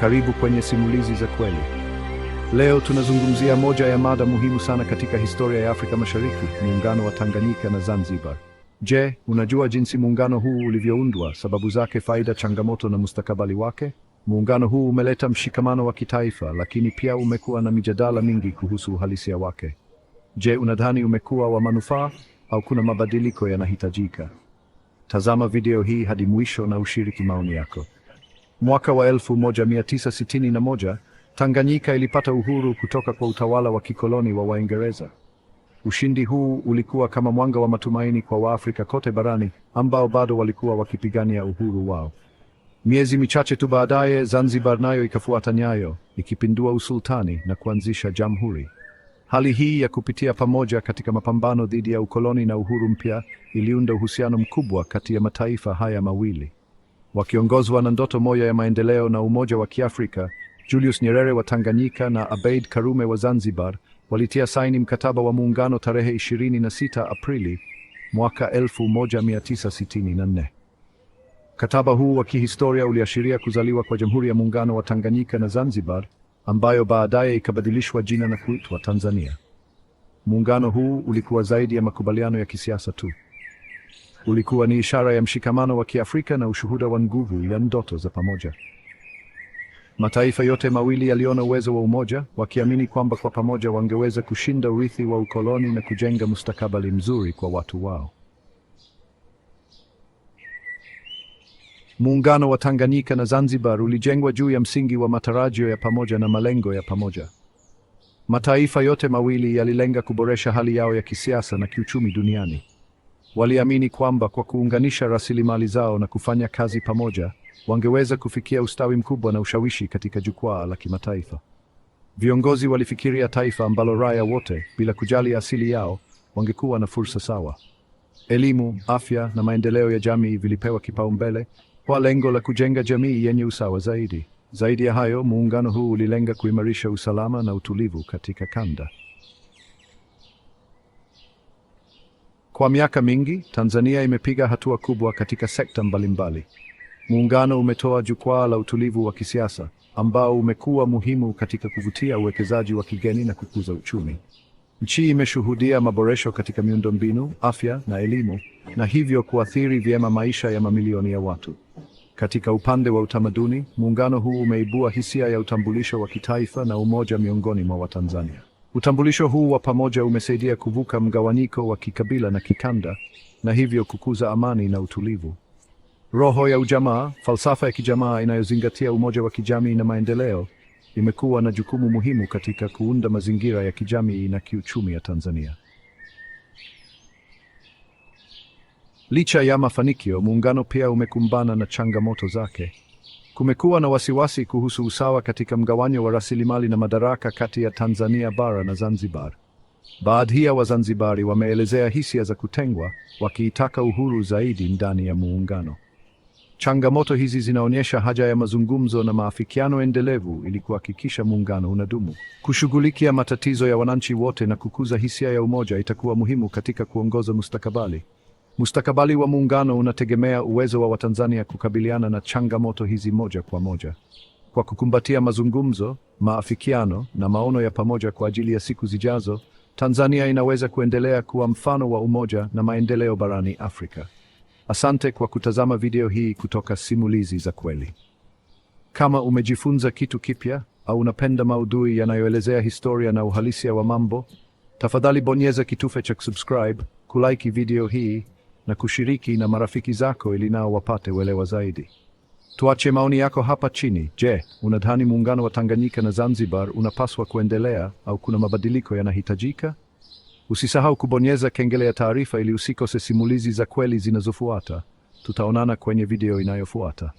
Karibu kwenye simulizi za kweli. Leo tunazungumzia moja ya mada muhimu sana katika historia ya Afrika Mashariki, muungano wa Tanganyika na Zanzibar. Je, unajua jinsi muungano huu ulivyoundwa, sababu zake, faida, changamoto na mustakabali wake? Muungano huu umeleta mshikamano wa kitaifa, lakini pia umekuwa na mijadala mingi kuhusu uhalisia wake. Je, unadhani umekuwa wa manufaa au kuna mabadiliko yanahitajika? Tazama video hii hadi mwisho na ushiriki maoni yako. Mwaka wa 1961 Tanganyika ilipata uhuru kutoka kwa utawala wa kikoloni wa Waingereza. Ushindi huu ulikuwa kama mwanga wa matumaini kwa Waafrika kote barani ambao bado walikuwa wakipigania uhuru wao. Miezi michache tu baadaye, Zanzibar nayo ikafuata nyayo, ikipindua usultani na kuanzisha jamhuri. Hali hii ya kupitia pamoja katika mapambano dhidi ya ukoloni na uhuru mpya iliunda uhusiano mkubwa kati ya mataifa haya mawili. Wakiongozwa na ndoto moja ya maendeleo na umoja wa Kiafrika, Julius Nyerere wa Tanganyika na Abeid Karume wa Zanzibar walitia saini mkataba wa muungano tarehe 26 Aprili mwaka 1964. Mkataba huu wa kihistoria uliashiria kuzaliwa kwa Jamhuri ya Muungano wa Tanganyika na Zanzibar ambayo baadaye ikabadilishwa jina na kuitwa Tanzania. Muungano huu ulikuwa zaidi ya makubaliano ya kisiasa tu ulikuwa ni ishara ya mshikamano wa Kiafrika na ushuhuda wa nguvu ya ndoto za pamoja. Mataifa yote mawili yaliona uwezo wa umoja, wakiamini kwamba kwa pamoja wangeweza kushinda urithi wa ukoloni na kujenga mustakabali mzuri kwa watu wao. Muungano wa Tanganyika na Zanzibar ulijengwa juu ya msingi wa matarajio ya pamoja na malengo ya pamoja. Mataifa yote mawili yalilenga kuboresha hali yao ya kisiasa na kiuchumi duniani. Waliamini kwamba kwa kuunganisha rasilimali zao na kufanya kazi pamoja, wangeweza kufikia ustawi mkubwa na ushawishi katika jukwaa la kimataifa. Viongozi walifikiria taifa ambalo raia wote, bila kujali asili yao, wangekuwa na fursa sawa. Elimu, afya na maendeleo ya jamii vilipewa kipaumbele kwa lengo la kujenga jamii yenye usawa zaidi. Zaidi ya hayo, muungano huu ulilenga kuimarisha usalama na utulivu katika kanda. Kwa miaka mingi, Tanzania imepiga hatua kubwa katika sekta mbalimbali. Muungano umetoa jukwaa la utulivu wa kisiasa ambao umekuwa muhimu katika kuvutia uwekezaji wa kigeni na kukuza uchumi. Nchi imeshuhudia maboresho katika miundombinu, afya na elimu na hivyo kuathiri vyema maisha ya mamilioni ya watu. Katika upande wa utamaduni, muungano huu umeibua hisia ya utambulisho wa kitaifa na umoja miongoni mwa Watanzania. Utambulisho huu wa pamoja umesaidia kuvuka mgawanyiko wa kikabila na kikanda na hivyo kukuza amani na utulivu. Roho ya ujamaa, falsafa ya kijamaa inayozingatia umoja wa kijamii na maendeleo, imekuwa na jukumu muhimu katika kuunda mazingira ya kijamii na kiuchumi ya Tanzania. Licha ya mafanikio, muungano pia umekumbana na changamoto zake. Kumekuwa na wasiwasi kuhusu usawa katika mgawanyo wa rasilimali na madaraka kati ya Tanzania bara na Zanzibar. Baadhi ya Wazanzibari wameelezea hisia za kutengwa, wakiitaka uhuru zaidi ndani ya muungano. Changamoto hizi zinaonyesha haja ya mazungumzo na maafikiano endelevu ili kuhakikisha muungano unadumu. Kushughulikia matatizo ya wananchi wote na kukuza hisia ya umoja itakuwa muhimu katika kuongoza mustakabali. Mustakabali wa muungano unategemea uwezo wa Watanzania kukabiliana na changamoto hizi moja kwa moja kwa kukumbatia mazungumzo, maafikiano na maono ya pamoja kwa ajili ya siku zijazo. Tanzania inaweza kuendelea kuwa mfano wa umoja na maendeleo barani Afrika. Asante kwa kutazama video hii kutoka Simulizi za Kweli. Kama umejifunza kitu kipya au unapenda maudhui yanayoelezea historia na uhalisia wa mambo, tafadhali bonyeza kitufe cha subscribe, kulike video hii na kushiriki na marafiki zako ili nao wapate uelewa zaidi. Tuache maoni yako hapa chini. Je, unadhani muungano wa Tanganyika na Zanzibar unapaswa kuendelea au kuna mabadiliko yanahitajika? Usisahau kubonyeza kengele ya taarifa ili usikose simulizi za kweli zinazofuata. Tutaonana kwenye video inayofuata.